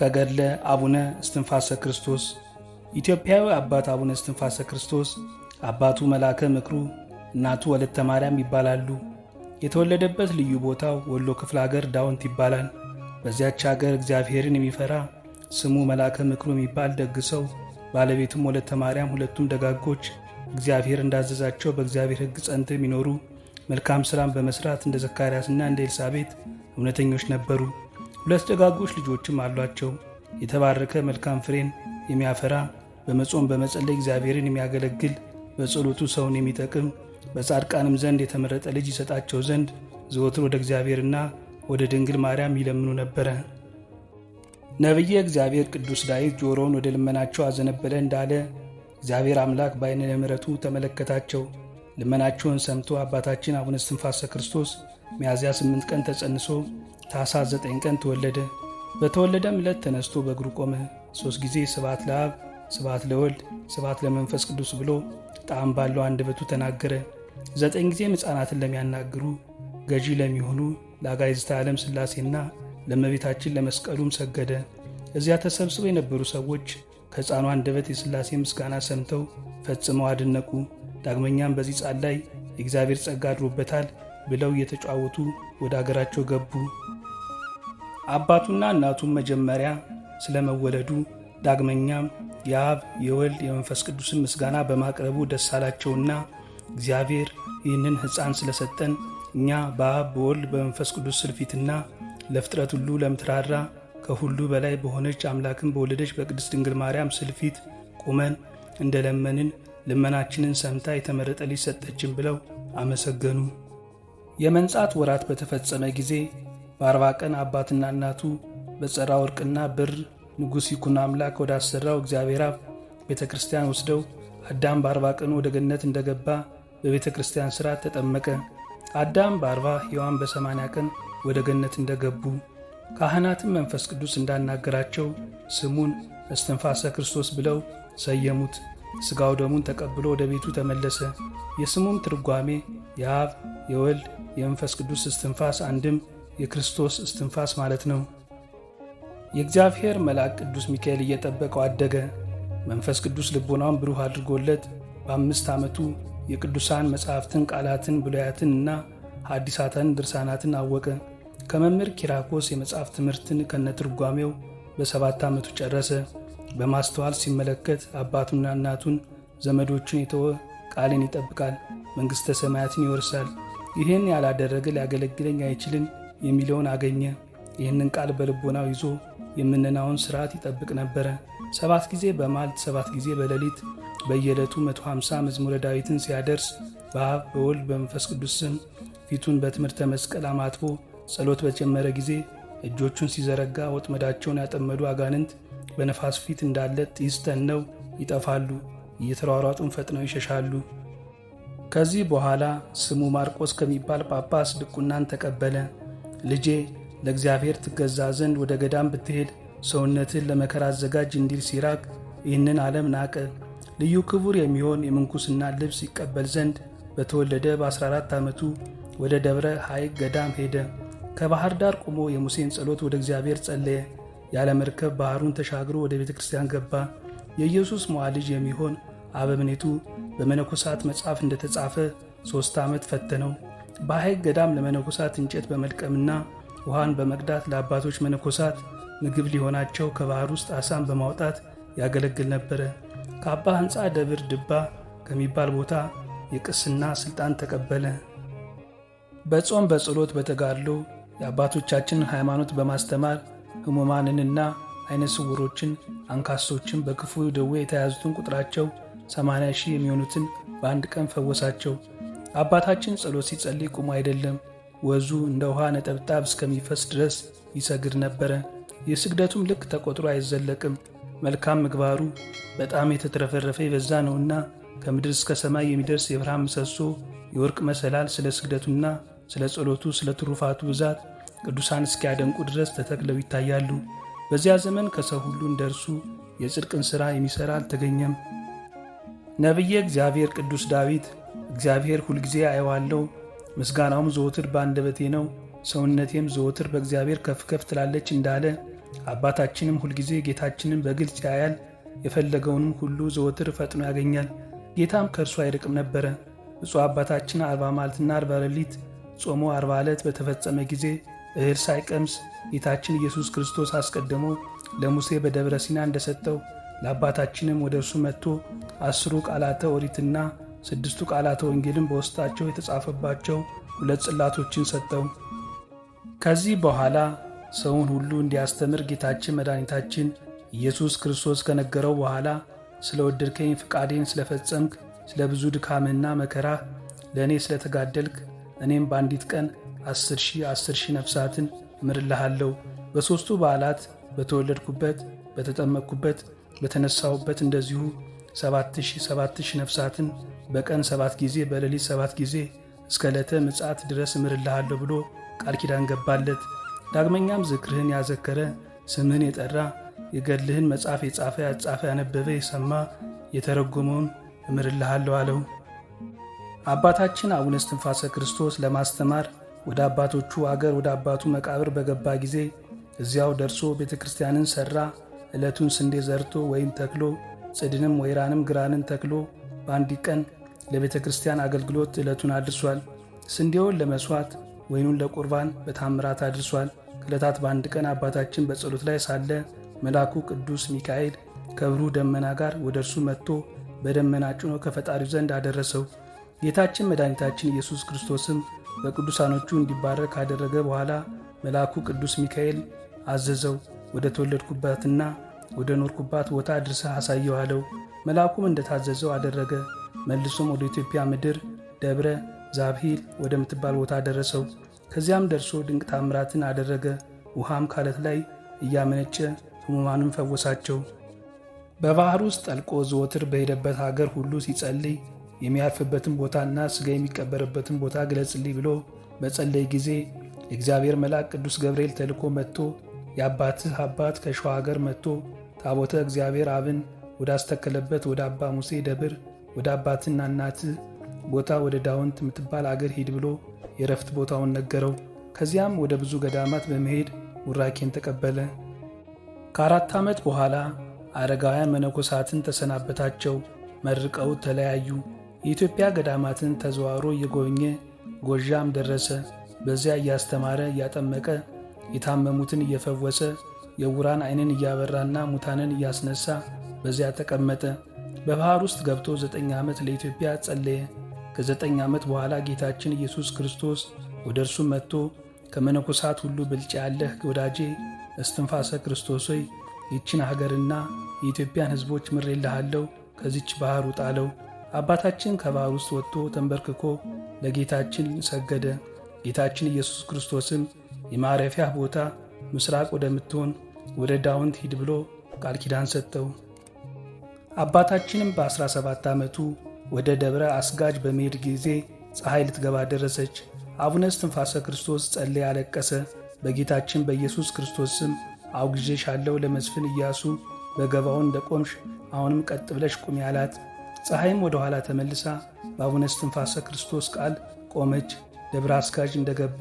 ከገድለ አቡነ እስትንፋሰ ክርስቶስ ኢትዮጵያዊ አባት አቡነ እስትንፋሰ ክርስቶስ አባቱ መላከ ምክሩ፣ እናቱ ወለተ ማርያም ይባላሉ። የተወለደበት ልዩ ቦታው ወሎ ክፍለ ሀገር ዳውንት ይባላል። በዚያች ሀገር እግዚአብሔርን የሚፈራ ስሙ መላከ ምክሩ የሚባል ደግ ሰው፣ ባለቤቱም ወለተ ማርያም ሁለቱም ደጋጎች እግዚአብሔር እንዳዘዛቸው በእግዚአብሔር ሕግ ጸንተው የሚኖሩ መልካም ሥራም በመስራት እንደ ዘካርያስና እንደ ኤልሳቤት እውነተኞች ነበሩ። ሁለት ደጋጎች ልጆችም አሏቸው። የተባረከ መልካም ፍሬን የሚያፈራ በመጾም በመጸለይ እግዚአብሔርን የሚያገለግል በጸሎቱ ሰውን የሚጠቅም በጻድቃንም ዘንድ የተመረጠ ልጅ ይሰጣቸው ዘንድ ዘወትር ወደ እግዚአብሔርና ወደ ድንግል ማርያም ይለምኑ ነበረ። ነቢየ እግዚአብሔር ቅዱስ ዳዊት ጆሮውን ወደ ልመናቸው አዘነበለ እንዳለ እግዚአብሔር አምላክ በዓይነ ምሕረቱ ተመለከታቸው። ልመናቸውን ሰምቶ አባታችን አቡነ እስትንፋሰ ክርስቶስ ሚያዝያ ስምንት ቀን ተጸንሶ ታኅሳስ ዘጠኝ ቀን ተወለደ። በተወለደም ዕለት ተነስቶ በእግሩ ቆመ። ሦስት ጊዜ ስብሐት ለአብ፣ ስብሐት ለወልድ፣ ስብሐት ለመንፈስ ቅዱስ ብሎ ጣዕም ባለው አንደበቱ ተናገረ። ዘጠኝ ጊዜም ሕፃናትን ለሚያናግሩ ገዢ ለሚሆኑ ለአጋዕዝተ ዓለም ሥላሴና ለመቤታችን ለመስቀሉም ሰገደ። እዚያ ተሰብስበው የነበሩ ሰዎች ከሕፃኑ አንደበት የሥላሴ ምስጋና ሰምተው ፈጽመው አደነቁ። ዳግመኛም በዚህ ጻል ላይ የእግዚአብሔር ጸጋ አድሮበታል ብለው እየተጫወቱ ወደ አገራቸው ገቡ። አባቱና እናቱም መጀመሪያ ስለመወለዱ ዳግመኛም የአብ የወልድ የመንፈስ ቅዱስን ምስጋና በማቅረቡ ደስ አላቸውና እግዚአብሔር ይህንን ሕፃን ስለሰጠን እኛ በአብ በወልድ በመንፈስ ቅዱስ ስልፊትና ለፍጥረት ሁሉ ለምትራራ ከሁሉ በላይ በሆነች አምላክን በወለደች በቅድስት ድንግል ማርያም ስልፊት ቁመን እንደለመንን ልመናችንን ሰምታ የተመረጠ ልጅ ሰጠችን ብለው አመሰገኑ። የመንጻት ወራት በተፈጸመ ጊዜ በአርባ ቀን አባትና እናቱ በጸራ ወርቅና ብር ንጉሥ ይኩን አምላክ ወዳሰራው እግዚአብሔር አብ ቤተ ክርስቲያን ወስደው አዳም በአርባ ቀኑ ወደ ገነት እንደገባ በቤተ ክርስቲያን ሥርዓት ተጠመቀ። አዳም በአርባ ሔዋን በሰማንያ ቀን ወደ ገነት እንደገቡ ካህናትም መንፈስ ቅዱስ እንዳናገራቸው ስሙን እስትንፋሰ ክርስቶስ ብለው ሰየሙት። ሥጋው ደሙን ተቀብሎ ወደ ቤቱ ተመለሰ። የስሙም ትርጓሜ የአብ የወልድ የመንፈስ ቅዱስ እስትንፋስ አንድም የክርስቶስ እስትንፋስ ማለት ነው። የእግዚአብሔር መልአክ ቅዱስ ሚካኤል እየጠበቀው አደገ። መንፈስ ቅዱስ ልቦናውን ብሩህ አድርጎለት በአምስት ዓመቱ የቅዱሳን መጻሕፍትን ቃላትን፣ ብሉያትን እና ሐዲሳትን ድርሳናትን አወቀ። ከመምህር ኪራኮስ የመጽሐፍ ትምህርትን ከነትርጓሜው በሰባት ዓመቱ ጨረሰ። በማስተዋል ሲመለከት አባቱና እናቱን ዘመዶቹን የተወ ቃልን ይጠብቃል፣ መንግሥተ ሰማያትን ይወርሳል። ይህን ያላደረገ ሊያገለግለኝ አይችልም የሚለውን አገኘ። ይህንን ቃል በልቦናው ይዞ የምንናውን ስርዓት ይጠብቅ ነበረ። ሰባት ጊዜ በማልት ሰባት ጊዜ በሌሊት በየዕለቱ 150 መዝሙረ ዳዊትን ሲያደርስ በአብ በወልድ በመንፈስ ቅዱስ ስም ፊቱን በትምህርተ መስቀል አማትቦ ጸሎት በጀመረ ጊዜ እጆቹን ሲዘረጋ ወጥመዳቸውን ያጠመዱ አጋንንት በነፋስ ፊት እንዳለ ጢስ ተነው ይጠፋሉ፣ እየተሯሯጡን ፈጥነው ይሸሻሉ። ከዚህ በኋላ ስሙ ማርቆስ ከሚባል ጳጳስ ድቁናን ተቀበለ። ልጄ ለእግዚአብሔር ትገዛ ዘንድ ወደ ገዳም ብትሄድ ሰውነትን ለመከራ አዘጋጅ እንዲል ሲራክ ይህንን ዓለም ናቀ። ልዩ ክቡር የሚሆን የምንኩስና ልብስ ይቀበል ዘንድ በተወለደ በ14 ዓመቱ ወደ ደብረ ሐይቅ ገዳም ሄደ። ከባህር ዳር ቆሞ የሙሴን ጸሎት ወደ እግዚአብሔር ጸለየ። ያለ መርከብ ባህሩን ተሻግሮ ወደ ቤተ ክርስቲያን ገባ። የኢየሱስ መዋ ልጅ የሚሆን አበምኔቱ በመነኮሳት መጽሐፍ እንደተጻፈ ሦስት ዓመት ፈተነው። በሐይቅ ገዳም ለመነኮሳት እንጨት በመልቀምና ውሃን በመቅዳት ለአባቶች መነኮሳት ምግብ ሊሆናቸው ከባህር ውስጥ አሳን በማውጣት ያገለግል ነበረ። ከአባ ሕንፃ ደብር ድባ ከሚባል ቦታ የቅስና ሥልጣን ተቀበለ። በጾም በጸሎት በተጋድሎ የአባቶቻችንን ሃይማኖት በማስተማር ሕሙማንንና አይነ ስውሮችን፣ አንካሶችን፣ በክፉ ደዌ የተያዙትን ቁጥራቸው ሰማንያ ሺህ የሚሆኑትን በአንድ ቀን ፈወሳቸው። አባታችን ጸሎት ሲጸልይ ቁሞ አይደለም፣ ወዙ እንደ ውሃ ነጠብጣብ እስከሚፈስ ድረስ ይሰግድ ነበረ። የስግደቱም ልክ ተቆጥሮ አይዘለቅም። መልካም ምግባሩ በጣም የተትረፈረፈ የበዛ ነውና ከምድር እስከ ሰማይ የሚደርስ የብርሃን ምሰሶ የወርቅ መሰላል ስለ ስግደቱና ስለ ጸሎቱ ስለ ትሩፋቱ ብዛት ቅዱሳን እስኪያደንቁ ድረስ ተተክለው ይታያሉ። በዚያ ዘመን ከሰው ሁሉ እንደ እርሱ የጽድቅን ሥራ የሚሠራ አልተገኘም። ነቢየ እግዚአብሔር ቅዱስ ዳዊት እግዚአብሔር ሁልጊዜ አየዋለሁ። ምስጋናውም ዘወትር በአንደበቴ ነው። ሰውነቴም ዘወትር በእግዚአብሔር ከፍ ከፍ ትላለች እንዳለ አባታችንም ሁልጊዜ ጌታችንን በግልጽ ያያል። የፈለገውንም ሁሉ ዘወትር ፈጥኖ ያገኛል። ጌታም ከእርሱ አይርቅም ነበረ። ብፁዕ አባታችን አርባ ማልትና አርባ ሌሊት ጾሞ አርባ ዕለት በተፈጸመ ጊዜ እህል ሳይቀምስ ጌታችን ኢየሱስ ክርስቶስ አስቀድሞ ለሙሴ በደብረ ሲና እንደሰጠው ለአባታችንም ወደ እርሱ መጥቶ አስሩ ቃላተ ኦሪትና ስድስቱ ቃላተ ወንጌልን በውስጣቸው የተጻፈባቸው ሁለት ጽላቶችን ሰጠው። ከዚህ በኋላ ሰውን ሁሉ እንዲያስተምር ጌታችን መድኃኒታችን ኢየሱስ ክርስቶስ ከነገረው በኋላ ስለ ወደድከኝ፣ ፍቃዴን ስለፈጸምክ፣ ስለ ብዙ ድካምህና መከራህ ለእኔ ስለተጋደልክ እኔም በአንዲት ቀን አስር ሺህ አስር ሺህ ነፍሳትን እምርልሃለሁ በሦስቱ በዓላት በተወለድኩበት፣ በተጠመቅኩበት፣ በተነሳሁበት እንደዚሁ ሰባት ሺህ ሰባት ሺህ ነፍሳትን በቀን ሰባት ጊዜ በሌሊት ሰባት ጊዜ እስከ ዕለተ ምጽአት ድረስ እምርልሃለሁ ብሎ ቃል ኪዳን ገባለት። ዳግመኛም ዝክርህን ያዘከረ ስምህን የጠራ የገድልህን መጽሐፍ የጻፈ ያጻፈ ያነበበ የሰማ የተረጎመውን እምርልሃለሁ አለው። አባታችን አቡነ እስትንፋሰ ክርስቶስ ለማስተማር ወደ አባቶቹ አገር ወደ አባቱ መቃብር በገባ ጊዜ እዚያው ደርሶ ቤተ ክርስቲያንን ሠራ። ዕለቱን ስንዴ ዘርቶ ወይን ተክሎ ጽድንም ወይራንም ግራንን ተክሎ በአንዲት ቀን ለቤተ ክርስቲያን አገልግሎት ዕለቱን አድርሷል። ስንዴውን ለመሥዋዕት ወይኑን ለቁርባን በታምራት አድርሷል። ከዕለታት በአንድ ቀን አባታችን በጸሎት ላይ ሳለ መልአኩ ቅዱስ ሚካኤል ከብሩህ ደመና ጋር ወደ እርሱ መጥቶ በደመና ጭኖ ከፈጣሪው ዘንድ አደረሰው። ጌታችን መድኃኒታችን ኢየሱስ ክርስቶስም በቅዱሳኖቹ እንዲባረክ ካደረገ በኋላ መልአኩ ቅዱስ ሚካኤል አዘዘው፣ ወደ ተወለድኩባትና ወደ ኖርኩባት ቦታ አድርሰህ አሳየው አለው። መልአኩም እንደታዘዘው አደረገ። መልሶም ወደ ኢትዮጵያ ምድር ደብረ ዛብሂል ወደምትባል ቦታ ደረሰው። ከዚያም ደርሶ ድንቅ ታምራትን አደረገ። ውሃም ካለት ላይ እያመነጨ ሕሙማንም ፈወሳቸው። በባህር ውስጥ ጠልቆ ዘወትር በሄደበት ሀገር ሁሉ ሲጸልይ የሚያርፍበትን ቦታና ሥጋ የሚቀበርበትን ቦታ ግለጽልኝ ብሎ በጸለይ ጊዜ የእግዚአብሔር መልአክ ቅዱስ ገብርኤል ተልኮ መጥቶ የአባትህ አባት ከሸዋ ሀገር መጥቶ ታቦተ እግዚአብሔር አብን ወዳስተከለበት ወደ አባ ሙሴ ደብር ወደ አባትና እናት ቦታ ወደ ዳውንት የምትባል አገር ሂድ ብሎ የረፍት ቦታውን ነገረው። ከዚያም ወደ ብዙ ገዳማት በመሄድ ቡራኬን ተቀበለ። ከአራት ዓመት በኋላ አረጋውያን መነኮሳትን ተሰናበታቸው፣ መርቀው ተለያዩ። የኢትዮጵያ ገዳማትን ተዘዋውሮ እየጎበኘ ጎዣም ደረሰ። በዚያ እያስተማረ እያጠመቀ፣ የታመሙትን እየፈወሰ፣ የውራን ዓይንን እያበራና ሙታንን እያስነሳ በዚያ ተቀመጠ። በባህር ውስጥ ገብቶ ዘጠኝ ዓመት ለኢትዮጵያ ጸለየ። ከዘጠኝ ዓመት በኋላ ጌታችን ኢየሱስ ክርስቶስ ወደ እርሱ መጥቶ ከመነኮሳት ሁሉ ብልጫ ያለህ ወዳጄ እስትንፋሰ ክርስቶስ ሆይ ይችን ሀገርና የኢትዮጵያን ሕዝቦች ምሬልሃለሁ፣ ከዚች ባህር ውጣለው አባታችን ከባህር ውስጥ ወጥቶ ተንበርክኮ ለጌታችን ሰገደ። ጌታችን ኢየሱስ ክርስቶስም የማረፊያ ቦታ ምስራቅ ወደምትሆን ወደ ዳውንት ሂድ ብሎ ቃል ኪዳን ሰጠው። አባታችንም በ17 ዓመቱ ወደ ደብረ አስጋጅ በመሄድ ጊዜ ፀሐይ ልትገባ ደረሰች። አቡነ እስትንፋሰ ክርስቶስ ጸለየ፣ አለቀሰ። በጌታችን በኢየሱስ ክርስቶስ ስም አውግዤሻለሁ ለመስፍን ኢያሱ በገባውን እንደቆምሽ አሁንም ቀጥ ብለሽ ቁሚ አላት። ፀሐይም ወደ ኋላ ተመልሳ በአቡነ እስትንፋሰ ክርስቶስ ቃል ቆመች። ደብረ አስጋጅ እንደገባ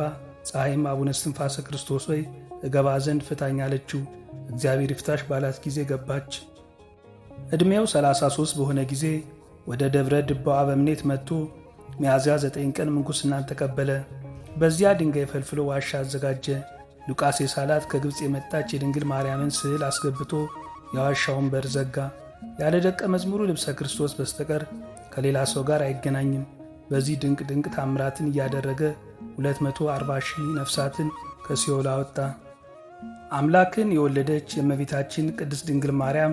ፀሐይም አቡነ እስትንፋሰ ክርስቶስ ሆይ እገባ ዘንድ ፍታኝ አለችው። እግዚአብሔር ይፍታሽ ባላት ጊዜ ገባች። ዕድሜው 33 በሆነ ጊዜ ወደ ደብረ ድባዋ አበምኔት መጥቶ ሚያዝያ 9 ቀን ምንኩስናን ተቀበለ። በዚያ ድንጋይ ፈልፍሎ ዋሻ አዘጋጀ። ሉቃስ የሳላት ከግብፅ የመጣች የድንግል ማርያምን ስዕል አስገብቶ የዋሻውን በር ዘጋ። ያለ ደቀ መዝሙሩ ልብሰ ክርስቶስ በስተቀር ከሌላ ሰው ጋር አይገናኝም። በዚህ ድንቅ ድንቅ ታምራትን እያደረገ 240 ሺህ ነፍሳትን ከሲኦል አወጣ። አምላክን የወለደች የእመቤታችን ቅድስት ድንግል ማርያም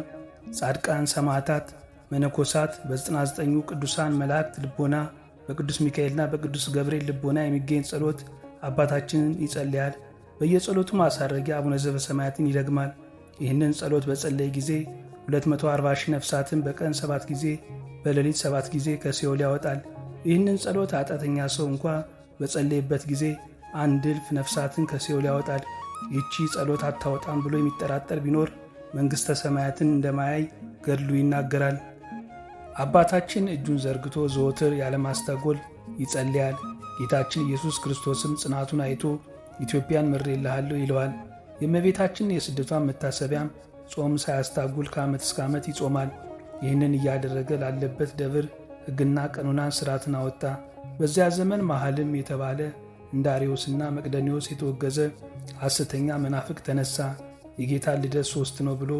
ጻድቃን ሰማዕታት፣ መነኮሳት በዘጠናዘጠኙ ቅዱሳን መላእክት ልቦና በቅዱስ ሚካኤልና በቅዱስ ገብርኤል ልቦና የሚገኝ ጸሎት አባታችንን ይጸልያል። በየጸሎቱ ማሳረጊያ አቡነ ዘበሰማያትን ይደግማል። ይህንን ጸሎት በጸለይ ጊዜ 240 ሺህ ነፍሳትን በቀን ሰባት ጊዜ በሌሊት ሰባት ጊዜ ከሲኦል ያወጣል። ይህንን ጸሎት አጣተኛ ሰው እንኳ በጸለይበት ጊዜ አንድ እልፍ ነፍሳትን ከሲኦል ያወጣል። ይቺ ጸሎት አታወጣም ብሎ የሚጠራጠር ቢኖር መንግሥተ ሰማያትን እንደማያይ ገድሉ ይናገራል። አባታችን እጁን ዘርግቶ ዘወትር ያለማስተጎል ይጸልያል። ጌታችን ኢየሱስ ክርስቶስም ጽናቱን አይቶ ኢትዮጵያን ምሬልሃለሁ ይለዋል። የእመቤታችን የስደቷን መታሰቢያም ጾም ሳያስታጉል ከዓመት እስከ ዓመት ይጾማል። ይህንን እያደረገ ላለበት ደብር ሕግና ቀኖናን ሥርዓትን አወጣ። በዚያ ዘመን መሐልም የተባለ እንዳሪዎስና መቅደኒዎስ የተወገዘ ሐሰተኛ መናፍቅ ተነሳ። የጌታ ልደት ሶስት ነው ብሎ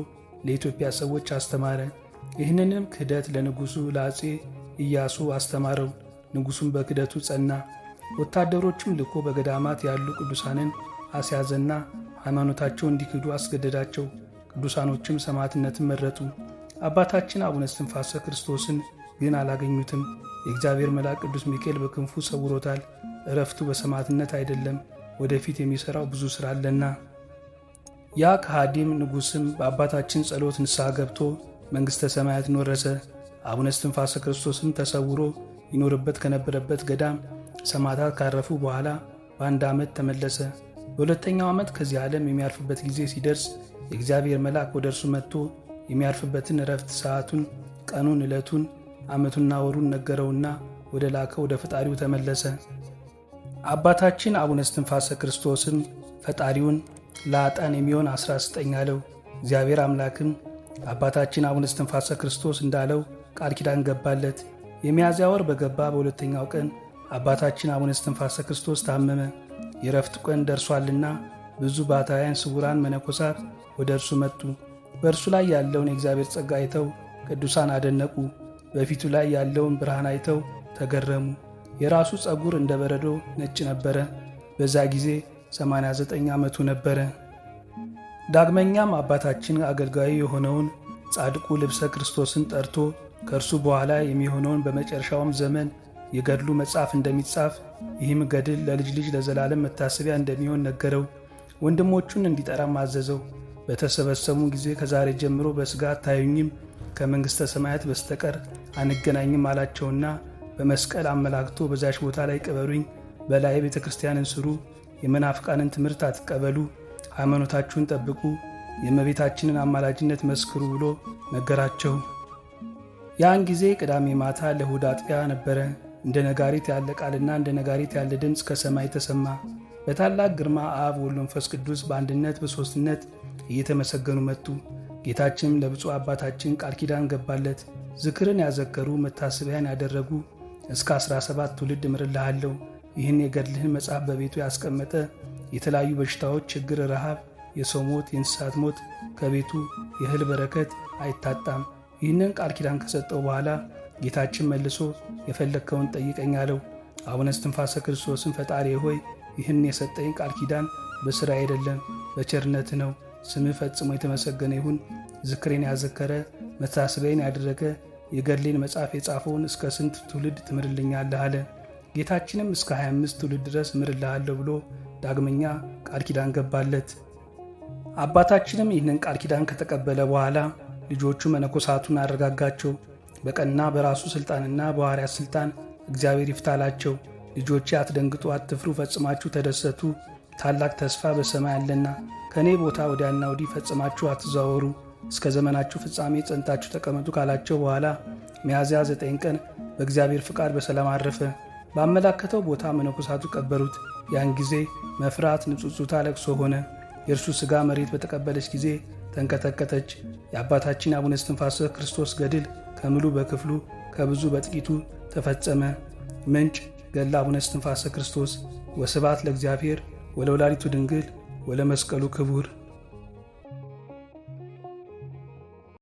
ለኢትዮጵያ ሰዎች አስተማረ። ይህንንም ክህደት ለንጉሱ ለአፄ ኢያሱ አስተማረው። ንጉሱም በክህደቱ ጸና። ወታደሮችም ልኮ በገዳማት ያሉ ቅዱሳንን አስያዘና ሃይማኖታቸው እንዲክዱ አስገደዳቸው። ቅዱሳኖችም ሰማዕትነትን መረጡ። አባታችን አቡነ እስትንፋሰ ክርስቶስን ግን አላገኙትም። የእግዚአብሔር መልአክ ቅዱስ ሚካኤል በክንፉ ሰውሮታል። እረፍቱ በሰማዕትነት አይደለም፣ ወደፊት የሚሠራው ብዙ ሥራ አለና። ያ ከሃዲም ንጉሥም በአባታችን ጸሎት ንስሐ ገብቶ መንግሥተ ሰማያትን ወረሰ። አቡነ እስትንፋሰ ክርስቶስም ተሰውሮ ይኖርበት ከነበረበት ገዳም ሰማዕታት ካረፉ በኋላ በአንድ ዓመት ተመለሰ። በሁለተኛው ዓመት ከዚህ ዓለም የሚያርፍበት ጊዜ ሲደርስ የእግዚአብሔር መልአክ ወደ እርሱ መጥቶ የሚያርፍበትን እረፍት ሰዓቱን፣ ቀኑን፣ ዕለቱን፣ ዓመቱና ወሩን ነገረውና ወደ ላከው ወደ ፈጣሪው ተመለሰ። አባታችን አቡነ እስትንፋሰ ክርስቶስም ፈጣሪውን ለአጣን የሚሆን 19 አለው። እግዚአብሔር አምላክም አባታችን አቡነ እስትንፋሰ ክርስቶስ እንዳለው ቃል ኪዳን ገባለት። የሚያዝያ ወር በገባ በሁለተኛው ቀን አባታችን አቡነ እስትንፋሰ ክርስቶስ ታመመ። የረፍት ቀን ደርሷልና ብዙ ባሕታውያን ስውራን መነኮሳት ወደ እርሱ መጡ። በእርሱ ላይ ያለውን የእግዚአብሔር ጸጋ አይተው ቅዱሳን አደነቁ። በፊቱ ላይ ያለውን ብርሃን አይተው ተገረሙ። የራሱ ጸጉር እንደ በረዶ ነጭ ነበረ። በዛ ጊዜ 89 ዓመቱ ነበረ። ዳግመኛም አባታችን አገልጋዩ የሆነውን ጻድቁ ልብሰ ክርስቶስን ጠርቶ ከእርሱ በኋላ የሚሆነውን በመጨረሻውም ዘመን የገድሉ መጽሐፍ እንደሚጻፍ ይህም ገድል ለልጅ ልጅ ለዘላለም መታሰቢያ እንደሚሆን ነገረው። ወንድሞቹን እንዲጠራም አዘዘው። በተሰበሰቡ ጊዜ ከዛሬ ጀምሮ በሥጋ አታዩኝም፣ ከመንግሥተ ሰማያት በስተቀር አንገናኝም አላቸውና በመስቀል አመላክቶ በዛች ቦታ ላይ ቅበሩኝ፣ በላይ ቤተ ክርስቲያንን ስሩ የመናፍቃንን ትምህርት አትቀበሉ፣ ሃይማኖታችሁን ጠብቁ፣ የእመቤታችንን አማላጅነት መስክሩ ብሎ ነገራቸው። ያን ጊዜ ቅዳሜ ማታ ለእሁድ አጥቢያ ነበረ። እንደ ነጋሪት ያለ ቃልና እንደ ነጋሪት ያለ ድምፅ ከሰማይ ተሰማ። በታላቅ ግርማ አብ ወልድ ቅዱስ በአንድነት በሦስትነት እየተመሰገኑ መጡ። ጌታችንም ለብፁዕ አባታችን ቃል ኪዳን ገባለት። ዝክርን ያዘከሩ መታሰቢያን ያደረጉ እስከ 17 ትውልድ እምርልሃለሁ ይህን የገድልህን መጽሐፍ በቤቱ ያስቀመጠ የተለያዩ በሽታዎች፣ ችግር፣ ረሃብ፣ የሰው ሞት፣ የእንስሳት ሞት ከቤቱ የእህል በረከት አይታጣም። ይህንን ቃል ኪዳን ከሰጠው በኋላ ጌታችን መልሶ የፈለግከውን ጠይቀኝ አለው። አቡነ እስትንፋሰ ክርስቶስን ፈጣሪ ሆይ ይህን የሰጠኝ ቃል ኪዳን በሥራ አይደለም በቸርነት ነው። ስምህ ፈጽሞ የተመሰገነ ይሁን። ዝክሬን ያዘከረ መታሰቢያን ያደረገ የገድሌን መጽሐፍ የጻፈውን እስከ ስንት ትውልድ ትምርልኛለህ አለ። ጌታችንም እስከ 25 ትውልድ ድረስ ምርልሃለሁ ብሎ ዳግመኛ ቃል ኪዳን ገባለት። አባታችንም ይህንን ቃል ኪዳን ከተቀበለ በኋላ ልጆቹ መነኮሳቱን አረጋጋቸው። በቀና በራሱ ስልጣንና በሐዋርያት ስልጣን እግዚአብሔር ይፍታላቸው። ልጆቼ አትደንግጡ፣ አትፍሩ፣ ፈጽማችሁ ተደሰቱ። ታላቅ ተስፋ በሰማይ አለና ከእኔ ቦታ ወዲያና ወዲህ ፈጽማችሁ አትዛወሩ፣ እስከ ዘመናችሁ ፍጻሜ ጸንታችሁ ተቀመጡ ካላቸው በኋላ ሚያዝያ ዘጠኝ ቀን በእግዚአብሔር ፍቃድ በሰላም አረፈ። ባመላከተው ቦታ መነኮሳቱ ቀበሩት። ያን ጊዜ መፍራት ንጹጹታ ለቅሶ ሆነ። የእርሱ ሥጋ መሬት በተቀበለች ጊዜ ተንቀጠቀጠች የአባታችን አቡነ እስትንፋሰ ክርስቶስ ገድል ከምሉ በክፍሉ ከብዙ በጥቂቱ ተፈጸመ። ምንጭ ገድለ አቡነ እስትንፋሰ ክርስቶስ። ወስብሐት ለእግዚአብሔር ወለወላዲቱ ድንግል ወለመስቀሉ ክቡር